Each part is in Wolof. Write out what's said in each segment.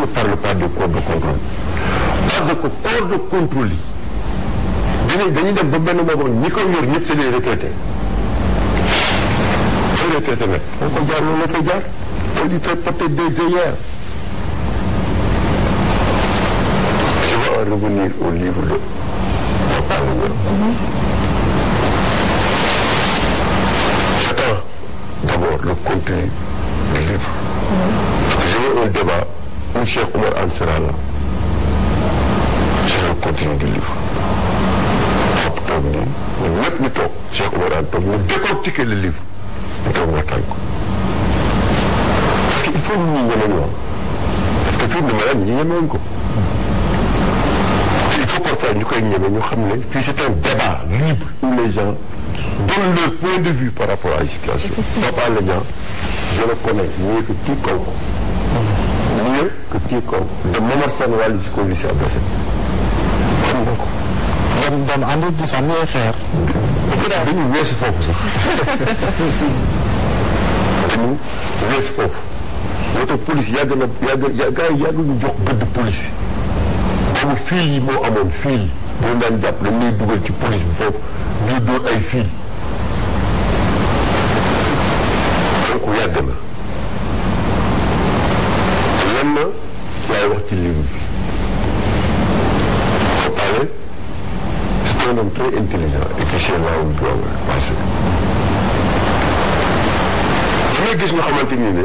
ne parle pas de corps de contrôle parce que corps de contrôle yi dañuy dañuy dem ba benn boobu ñi ko yor ñëpp ci les jaar loolu la fay jaar on lui fait porter des œillères je vais revenir au livre de c'est d'abord le contenu du livre je veux un débat où Cheikh Oumar Anne sera là c'est le contenu du ñu toog Cheikh Oumar Anne décortiquer le livre parce que faut nit ñi ñemeen parce que film de malade ñi ñemeen ko il faut parfois ñu koy ñeme ñu xam ne puis c'est un libre par rapport à la situation Papa Alé Niang je le connais mieux tout comme moi mieux que quiconque te Momar Sène wàllu ci condition parfaite. xam nga ko. xeer. dañuy foofu sax. dañuy foofu. moo police yàgg na yàgg jox gëdd police. amul fiil yi moo amoon fiil boo daan jàpp dañ lay ci police bi foofu ñuy dóor ay fiil donc yàgg na. gisee laaw bi boobu passé damay gis ñu xamante nii ne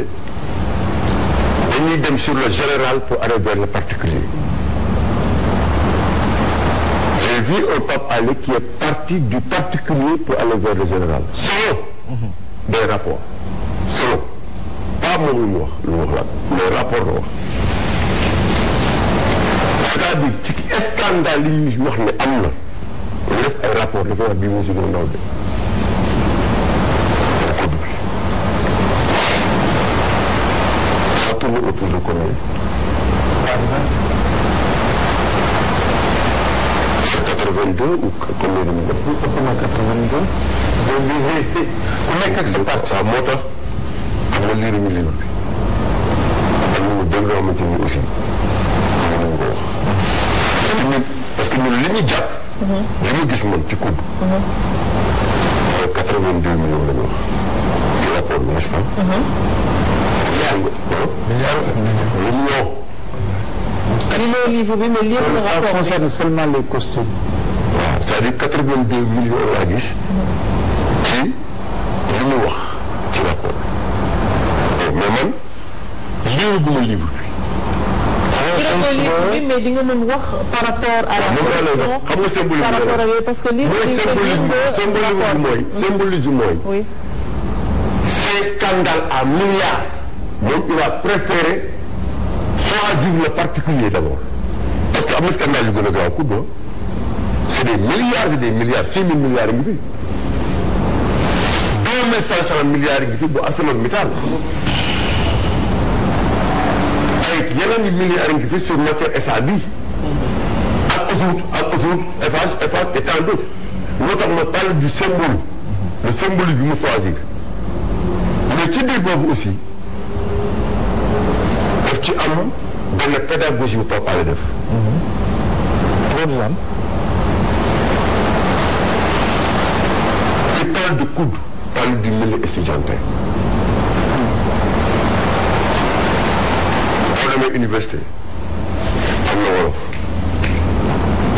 dañuy dem sur le général pour aller vers le particulier j'ai vu un Pape Alé qui est parti du particulier pour aller vers le général selon mhm. des rapports selon pas moom lu mu wax lu mu wax laat mais rapport la wax c'est-à-dire ci scandale yi wax ne am na dañu def ay rapport dafa wax bii moo si gën a ndaw de ça tourne autour de combien c'est 82 ou combien de millions ëpp na 82 ku nekk ak sa parti waaw moo tax am na liiru ñu livre bi am na ñu benn loo xamante ni aussi mën nañu ko wax parce que ñun li ñu jàpp li ma gis man ci coupe. mooy quatre vingt deux ci rapport bi livre bi mais livre rapport ça concerne seulement les costumes. waaw c'est-à-dire laa gis. ci li wax ci rapport mais man livre ma livre. oui mais di nga mën wax par rapport à la question xam nga symbolisme par rapport à parce que li symbolisme mooy symbolisme mooy ces scandales à milliards moom il a préféré choisir le particulier d'abord parce que am na scandale yu gën a gaaw ku ba c'est des milliards et des milliards six mille milliards ngi fi deux mille cinq cent milliards ngi fi bu ArcelorMittal yeneen i milliards ngi fi sur notre SA bi ak autoroute ak autoroute Eiffage Eiffage et tant d'autres moo tax ma parle du symbole le symbolique bi mu choisir mais ci biir boobu aussi daf ci am benn pédagogie bu papaale def programme qui parle du coude parle du milieu estudiantin demee université am na wolof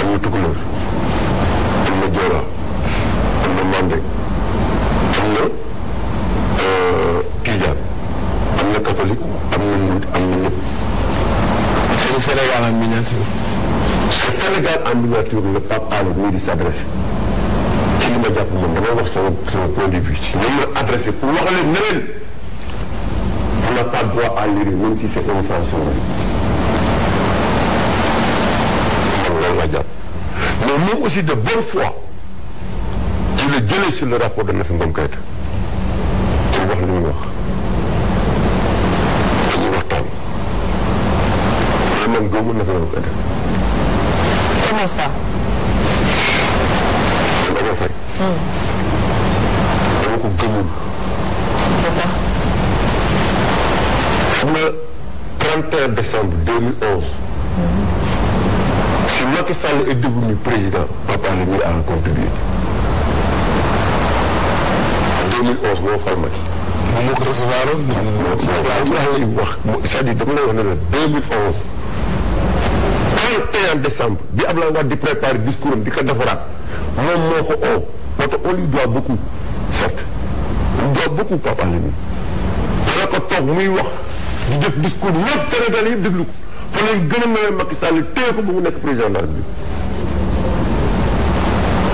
am na tukulóor am na joola am na mandé am na euh, tijaan am na catholique am na murit am na ñëpp. c'est le Sénégal en miniature. c'est Sénégal en miniature le Pape Alé mii di s'adressé ci li ma jàpp moom dama point de vue ci la adressé pour wax leen ne n'a pas droit à l'erreur même si c'est un franc sur mais moom aussi de bonne foi ci la jëlee sur le rapport de Nafi Ngom Keïta pour wax li muy wax dañuy waxtaan mais man gëmul Nafi Ngom Keïta. comment ça. dama fay. dama ko gëmul. 31 décembre 2011 si Macky Sall est devenu président Pape Alé Niang a contribué 2011 moo fal Macky. moom moo ko recevoir woon. moom moo wax c'est-à-dire dama lay wax ne la 2011. 31 décembre bi Abdoulaye Wade di préparer discours am di ko defaraat moom moo ko oo parce que on lui doit beaucoup certes on doit beaucoup Pape Alé Niang. dina ko toog muy wax. di def discours ñëpp Sénégal yëpp déglu ko fa lañ gën a mayee Macky Sall téye ko ba mu nekk président de la République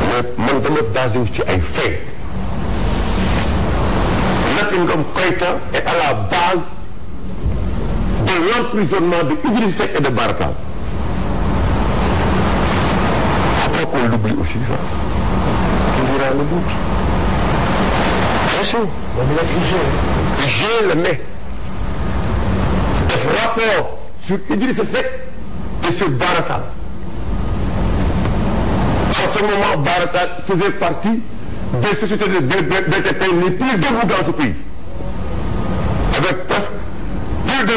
mais man dama basé wu ci ay faits Nafi Ngom Keïta est à la base de l'emprisonnement de Idrissa Seck et de Bara Tall faut qu'on l'oublie aussi ça on dira le bout attention on est là le mai def rapport sur Idrissa Seck et sur en ce moment Bara Tall faisait partie des sociétés de BTP les plus debout dans ce pays avec presque plus de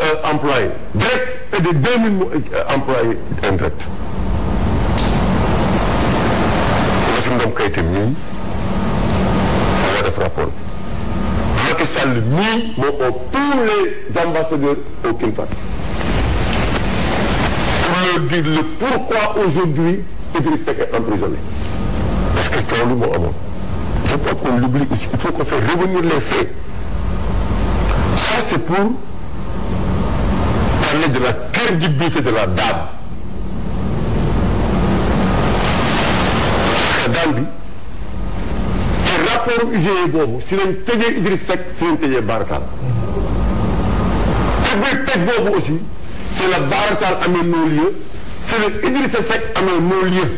euh, employés directs et de deux mille euh, employés indirects. Assome Ngom Keïta mii Sall mii moo oo tous les ambassadeurs au Kinshasa. pour leur dire le pourquoi aujourd'hui Idriss parce que coow lu moo amoon. je crois qu'on l'oublie il faut qu'on fasse revenir les faits c'est pour parler de la crédibilité de la dame. accord UGE boobu si lañ tëjee Idriss Seck si lañ tëjee Baratal te biir tëj boobu aussi si la Baratal amee non-lieu si la Idriss Seck amee non-lieu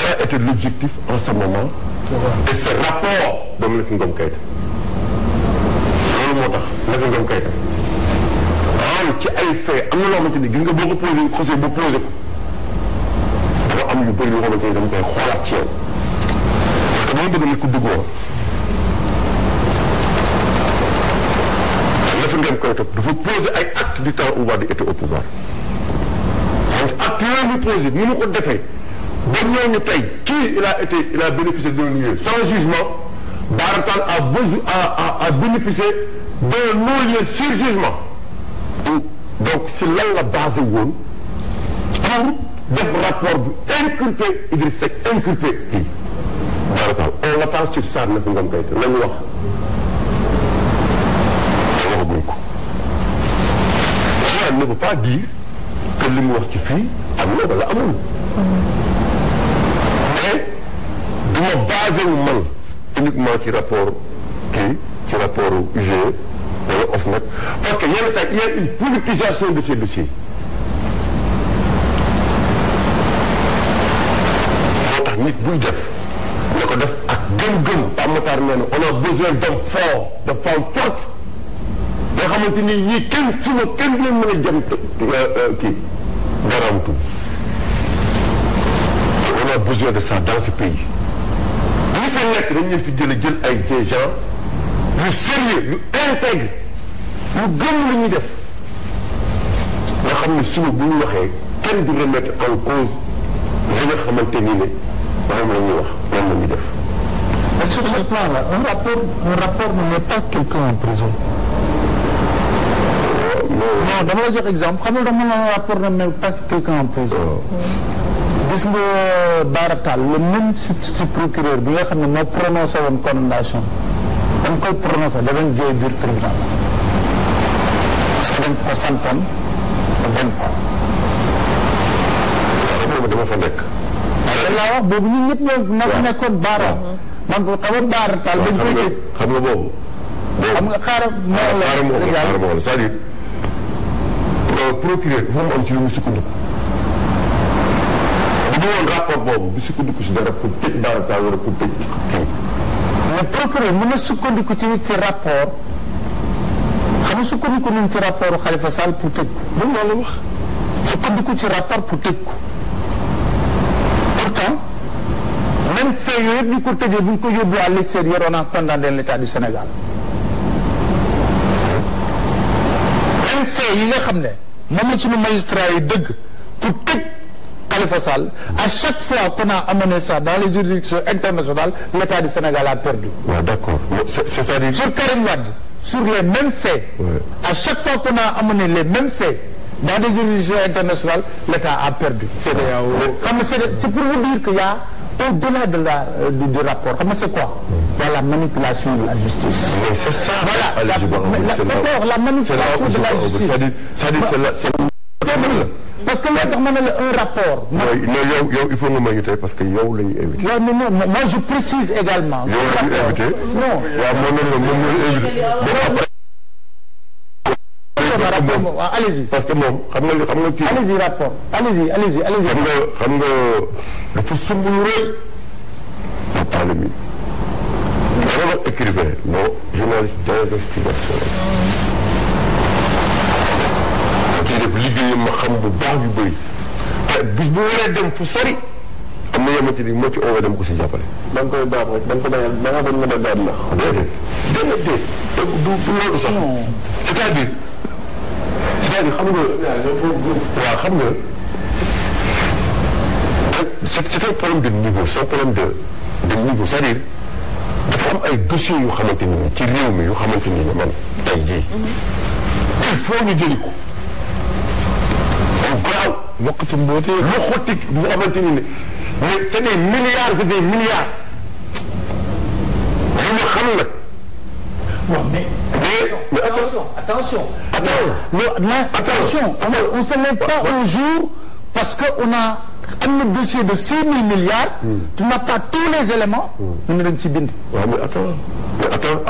ça était l'objectif en ce moment de ce rapport ba Maître Ngom Keïta loolu moo tax Maître Ngom Keïta waaw ci ay fait am na loo xamante ni gis nga boo ko posé xosee ba posé ko dafa am yu bëri loo xamante ni dama koy xoolaat ci yow dama bëgg nit ku duggoo dafa ngeen koy topp dafa poser ay actes du temps où Wade était au pouvoir donc actes yooyu ñu posé ni mu ko defee ba ñooñu tey kii il a été il a bénéficié d'un lieu sans jugement Baratal a besoin a a bénéficié d'un non-lieu sur jugement donc si lan la basé woon pour def rapport bu inculpé Idriss Seck inculpé kii Baratal on l'attend sur ça na fi ngom kayit nañu wax te waxaguñ ko cela ne veut pas dire que li mu wax ci fii am na wala amul mais du ma basé rapport kii ci rapport UG e wala OFNAC e parce que yenn saa il y a une politisation de ces dossiers moo buy def gëm Pape Matar nee na on a besoin d'hommes de femmes fortes nga xamante ni ñii kenn suba kenn du leen mën a jëm euh, euh, kii garantu on a de ça dans pays ñi fi nekk dañ leen jël ay des gens yu sérieux yu intègre yu gëm lu ñuy def nga xam ne suba bu ñu waxee kenn du remettre en cause li nga xamante ni ne def Et sur ce plan un rapport, un rapport n'est pas quelqu'un en prison. non dama la jox exemple xam nga dama la rapport na mel pas quelqu'un en prison. Oh. gis nga Baratal le même substitut procureur bi nga xam ne moo prononcé woon condamnation dañ koy prononcé da doon jooy biir tribunal parce que dañ ko santoon te bañ ko. waaw dama fa nekk. waaw wax boobu ñun ñëpp ñoo nekkoon Bara. man ko xam nga baar taal dañ koy tëj xam nga boobu. xam nga xaaral moo la xaaral moo la xaaral moo la c'est-à-dire procureur dafa mu am ci lu mu sukkandiku. bu ñu woon rapport boobu bu sukkandiku si dara pour tëj baar taal wala pour tëj kii. mais procureur mën na sukkandiku ci ci rapport xam nga sukkandiku nañ ci rapport Khalifa Sall pour tëj ko. moom loolu la wax. sukkandiku ci rapport pour tëj ko. même fee yooyu yëpp ñu ko tëjee bu ko yóbbu à l'extérieur on a condamné l'état du Sénégal même fee yi nga xam ne moom la suñu magistrat yi dëgg pour tëj Khalifa Sall à chaque fois qu'on a amené ça dans les juridictions internationales l'état du Sénégal a perdu. à dire sur Karim Wade sur les mêmes faits. à chaque fois qu'on a amené les mêmes faits. dans des juridictions internationales l'état a perdu. CEDEAO xam nga c'est pour vous dire que y au-delà de la euh, du, du rapport xam nga c'est quoi il y a la manipulation de la justice. mais c'est ça voilà la, la, c'est la manipulation de la justice parce que loolu tax ma ne la un rapport. non yow yow il faut nga may parce que yow la ñu invité. non non non moi je précise également. yow la ñu invité. non waaw moom la moom la ñu invité. rapport waaw allez-y parce que moom xam nga xam nga kii. allez-y rapport allez-y allez-y allez-y. xam nga xam nga dafa sumb lu rëy. mu taal mi. dama doon écrivain non journaliste d'investigation. moo ciy def liggéeyam ma xam bu baax yu bëri. te bis bu waree dem fu sori. am na yamati ni moo ci oo dem ko si jàppale. da nga koy baax rek da nga ko bañal da nga bañ mën a daal la. déedéet déedéet du loolu sax c'est-à-dire. c'est-à-dire xam nga. waaw xam nga. c'est c'est un problème de niveau c'est un problème de de niveau c'est-à-dire dafa am ay dossiers yu xamante ni ci réew mi yu xamante ni ne man tey jii. il faut ñu jëli ko. waaw bokkati mboote lu xotti bu xamante ni ne mais c'est des milliards c'est des milliards. lu ñu xam nag. mais mais attention attention. attention on se lève pas un jour parce que on a am na dossier de six mille milliards. Hmm. tu n'as pas tous les éléments. ñu hmm. ne dañ ci bind. waaw mais attends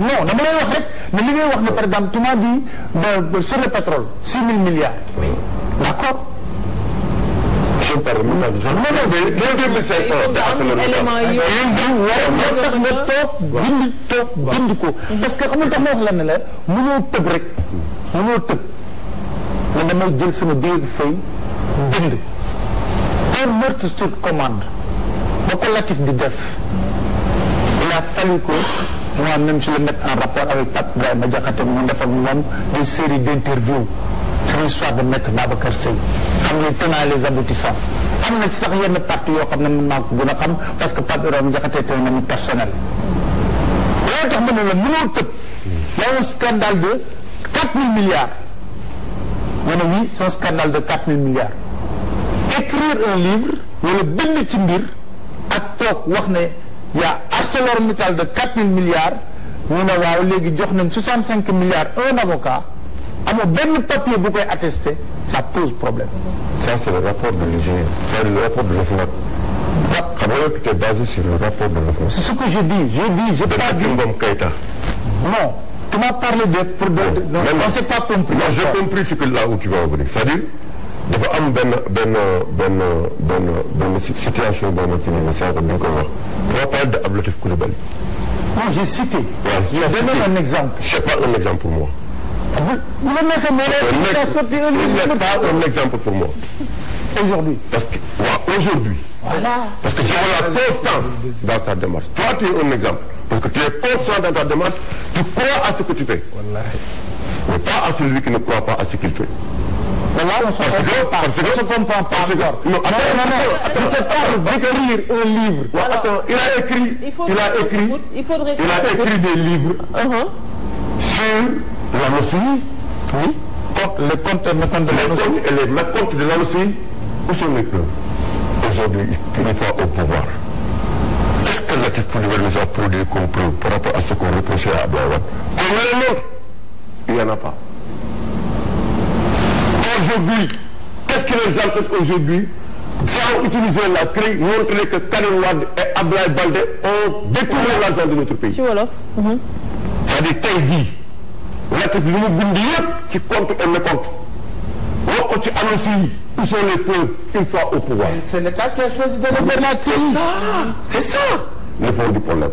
wax ne par exemple tu m'as dit sur le pétrole milliards. d'accord. je parle mu tax non non mais les deux mille cinq cent dafa la moo tax nga toog bind toog bind ko parce que xamul tax ma wax la ne la mënoo tëb rek mënoo tëb na damay jël sama biir fay bind un meurtre sur commande ba ko Latif di def il a fallu que moi-même je le mette en rapport avec Pape Ibrahima Diakhaté mu def ak moom des séries d'interviews dans l'histoire de maître Babacar Seye xam ne tenant les aboutissants am na ci sax yenn parti yoo xam ne mën naa ko gën a xam parce que Pape Ibrahima Diakhaté tey na mu personnel loolu tax ma ne la mënoo tëb la un scandale de milliards mu ne waaw léegi jox nañ milliards un avocat amul benn papier bu koy attesté ça pose problème. ça c'est le rapport de l'IGE c'est le rapport de l'OFNAC. xam nga tu t'es basé sur le rapport de l'OFNAC. c'est ce que je dis je dis je. pas dit Ngom Keïta. non tu m'as parlé de pour de. non on s'est pas compris. non j'ai compris ce que là où tu vas revenir c'est-à-dire dafa am benn benn benn benn benn situation boo xamante ne sànq bi nga koy wax. on parle de Ablatif Coulibaly. non j'ai cité. waaw je donne un exemple. c'est pas un exemple pour moi. Vous, vous n'est pas un exemple pour moi. Parce que, aujourd'hui. Parce que tu vois la constance dans sa démarche. Toi, tu es un exemple. Parce que tu es constant dans ta démarche, tu crois à ce que tu fais. Voilà. pas à celui qui ne croit pas à ce qu'il fait. Voilà, on ne se pas. On se comprend Tu te parles a écrit, a a des livres uh-huh. sur la LOSI. oui compte les comptes et mécomptes de la LOSI. les comptes et les mécomptes de la LOSI où sont les preuves. aujourd'hui une fois au pouvoir est-ce que Latif Coulibaly nous a produit comme preuve par rapport à ce qu'on reprochait à Abdoulaye Wade. qu'on me le montre il n'y en a pas. aujourd'hui qu'est-ce qui les empêche aujourd'hui sans utiliser la CREI montrer que Karim Wade et Abdoulaye Baldé ont détourné l'argent de notre pays. ci wolof. Mhm. c'est-à-dire tey jii. Latif li mu bind yëpp ci compte et mécompte wax ko ci ANACIM yi ils sont les preuves une fois au pouvoir. c'est l'État qui a choisi de refaire la crise. c'est ça c'est ça. le fond du problème.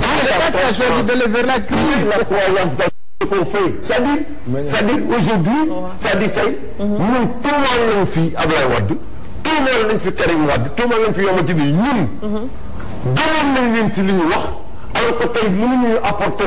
l'État qui a choisi de refaire la crise. la croyance dans ce qu'on fait. c'est-à-dire c'est-à-dire aujourd'hui c'est-à-dire tey. Mhm. ñun tuumaal nañ fi Ablaye Wade. tuumaal nañ fi Karim Wade tuumaal nañ fi Yomati bi ñun. demoon mhm. nañ leen ci li ñu wax alors que tey mënuñu apporter.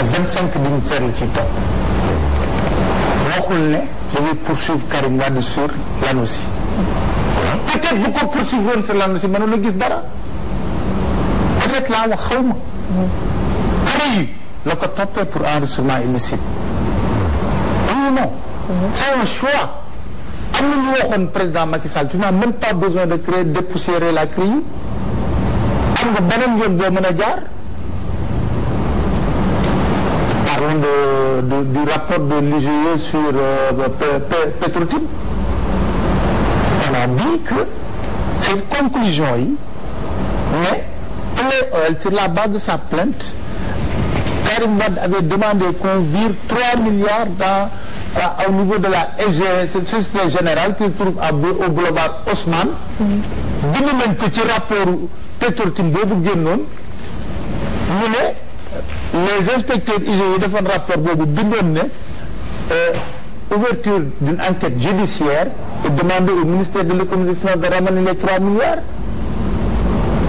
na vingt cinq dignitaires yu ci topp waxul ne dañuy poursuivre sur l'ANOCI peut bu ko poursuivre woon sur l'ANOCI gis dara peut-être laa wax xaw ma xare yi la ko toppee pour enrichissement illicite oui non am na ñu waxoon président Macky Sall tu besoin de créer dépoussiérer la CREI am nga beneen yoon boo mën de, de, du rapport de l'IGE sur euh, Petrotim on a dit que cette conclusion yi mais sur la base de sa plainte Karim Wade avait demandé qu'on vire milliards au niveau de la SGS e, Société Générale qui trouve au boulevard Haussmann mm-hmm. bind nañ ko ci rapport Petrotim boobu génnoon ñu ne les inspecteurs IGE defoon rapport boobu bindoon ne euh, ouverture d'une enquête judiciaire et demander au ministère de l'économie et des finances de ramener les 3 milliards.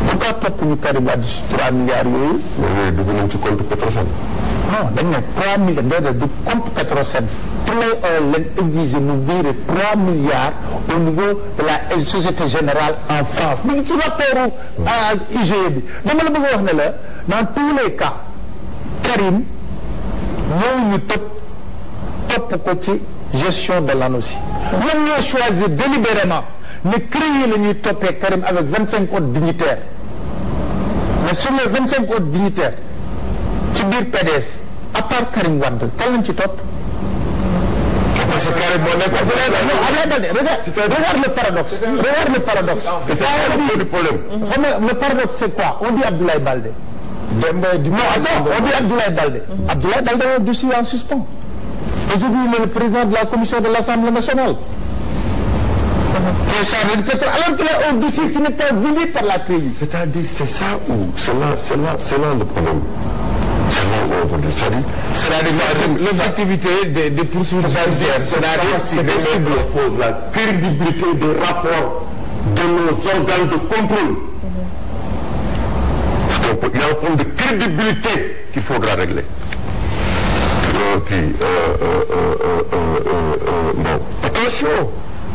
pourquoi topp ñu Karim Wade ci 3 milliards yooyu. mais dugg nañ compte Petrosen. non dañ ne 3 milliards déedéet du au niveau de la Société Générale en France. mi ngi ci rapport euh, IGE bi dama la a wax ne la dans tous les cas. Karim ñëw ñu topp topp ko ci gestion de l'ANOCI ñoom ñoo choisir délibérément ne créer la ñuy toppee Karim avec vingt cinq autres dignitaires mais sur les cinq autres ci biir PDS à part Karim Wade kan lañ ci topp parce que Karim moo nekk regarde le paradoxe regarde le paradoxe c'est quoi on dit Abdoulaye Baldé Demba du non on dit Abdoulaye Baldé. Abdoulaye Baldé a un dossier en suspens. Aujourd'hui, il le président de la commission de l'Assemblée nationale. Et alors qu'il a un dossier qui n'est pas par la crise. C'est-à-dire, c'est ça où, c'est là, le problème. C'est là dire, cest à des, des poursuites judiciaires, c'est-à-dire ce la crédibilité des rapports de nos contrôle. il y a un problème de crédibilité qu'il faudra régler. Euh, euh, euh, attention.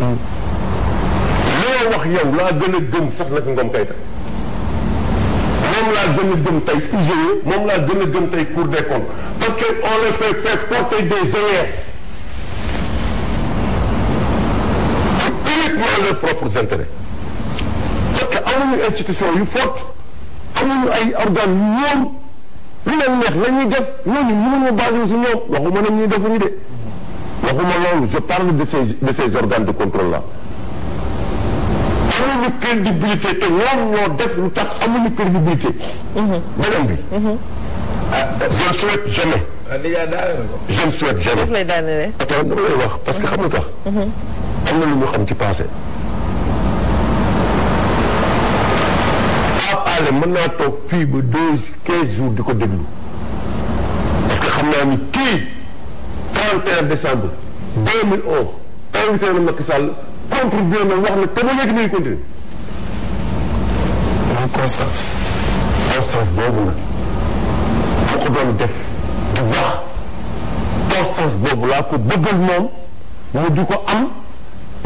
li ma wax yow laa gën a gëm sax nag Ngom Keïta moom laa gën a gëm parce que on les fait faire porter des œillères pour uniquement leurs parce que amuñu institution yu forte. amuñu ay organes yu wóor lu leen neex la ñuy def ñooñu mënuñu basé si ñoom waxuma ne ñuy defuñu de waxuma loolu je parle de ces de ces organes de contrôle là. amuñu crédibilité te ñoom ñoo def lu tax amuñu crédibilité. beneen mhm. bi. Mhm. Ah, je ne souhaite jamais. Ah, je ne souhaite jamais. daf lay daanele. parce que mhm. xam nga tax. am na lu ñu xam ci passé. ne mën naa toog fii ba deux quinze jours di ko déglu parce que xam naa ni kii 31 décembre 2011 invité na Macky Sall contribué na wax na te léegi muy continué moom constance constance boobu nag moo ko doon def wax constance boobu laa ko bëggal moom mu di ko am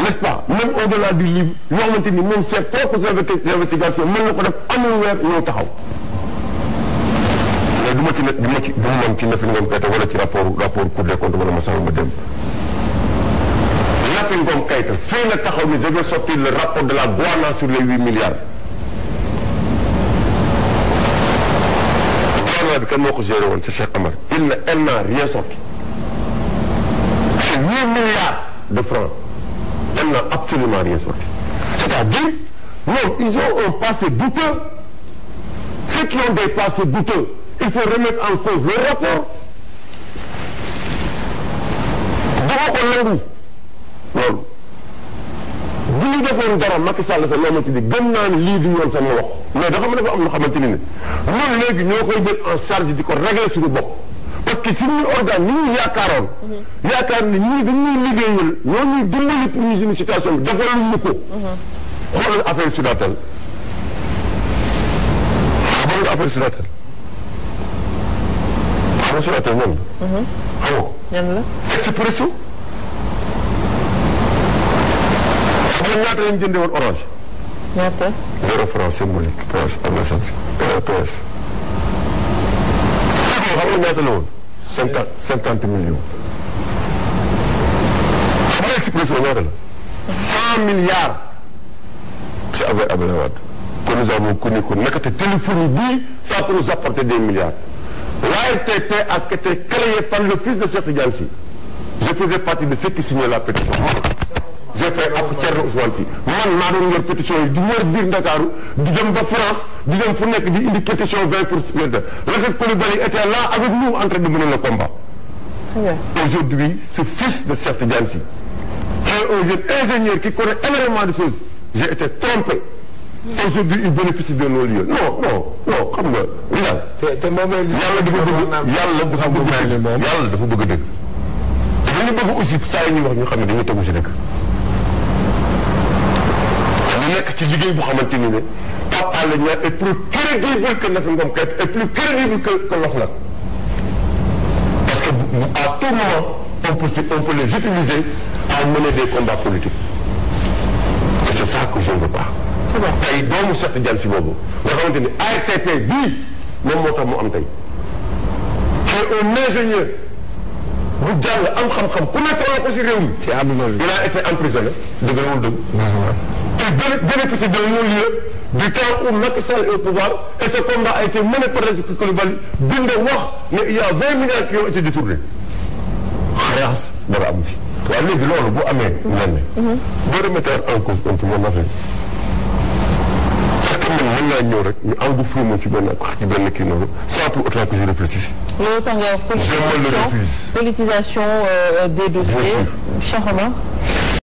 n'est-ce pas même au-delà du livre yoo xamante ni se ses propres investigations mën na ko def amul weer ñëw taxaw. du ma ci ne du ma ci du wala ci rapport rapport Cour des comptes wala Massamba ma dem. Nafi Ngom Keïta fii la taxaw ni je vais sortir le rapport de la gouvernance sur les kan moo ko woon c'est Cheikh Amar il n'a rien sorti. c'est milliards de francs. elle n'a absolument rien sorti. C'est-à-dire, non, ils ont un passé douteux. Ceux qui ont des passés douteux, il faut remettre en cause leur rapport. dama ko nangu loolu bu ñu defoon dara Macky Sall sa loo ci di gëm naa ni lii du yoon sama wax mais dafa ma dafa am na xamante ni ne loolu léegi ñoo koy jël en charge di ko régler suñu bopp ci suñuy organe ñu ñu yaakaaroon. yaakaar ne ñii dañuy liggéeyal ñoo ñuy dimbali pour ñu jëm situation bi defaluñu ko. xoolal affaire Sudatel xam nga affaire Sudatel xam nga Sudatel ñoom la. xam nga ko. ñan la Expresso. xam nga ñaata lañ jëndee woon orange. ñaata. zéro franc symbolique PS am na sant PS. xam nga ñaata la woon. cinquante cinquante millions. xam nga expression ñaata la. cent milliards. ci avec Abdoulaye téléphone bii ça peut nous des milliards. l'ARTP a été créé par le de Cheikh Tidiane Sy. je faisais partie de ceux qui signaient la j'ai fait ak Thierno Ousmane Sy man maa doon yor pétition yi di wër biir Ndakaaru di dem ba France di dem fu nekk di indi pétition vingt pour cent Latif Coulibaly était là avec nous en train de mener le combat aujourd'hui ce fils de Cheikh Tidiane Sy un jeune ingénieur qui connaît énormément de choses j'ai été trompé aujourd'hui il bénéficie de nos lieux non non non xam nga li daal yàlla dafa bëgg yàlla dafa bëgg dëgg yàlla bëgg dëgg dañu bëgg aussi saa yi wax ñu xam ne dañu tegu si dëgg nekk ci liggéey bu xamante ni ne Pape Alé Niang est plus crédible que Nafi Ngom Keïta est plus crédible que que parce que à tout moment on peut les utiliser à mener des combats politiques et c'est ça que je ne veux pas. tey doomu Cheikh Diagne Sy boobu nga xamante ni ARTP bii moom moo tax mu am tey c'est un ingénieur bu jàng am xam-xam ku nekk loxo si réew mi. ci àdduna bi il a été emprisonné dëgg la wala dëgg. bénéficier d'un non-lieu du temps où Macky Sall est au pouvoir et ce combat a été mené par Raji Coulibaly bind wax ne il y a 20 milliards qui ont été détournés xalaas dara am fi waaye léegi loolu bu amee lenn mhm. boo remettre en cause un peu mon affaire parce que man mën naa ñëw rek ñu engouffré ma ci benn wax ci benn kii noonu sans pour autant que je réfléchisse loolu tax nga wax politisation politisation euh, euh, des dossiers Cheikh Omar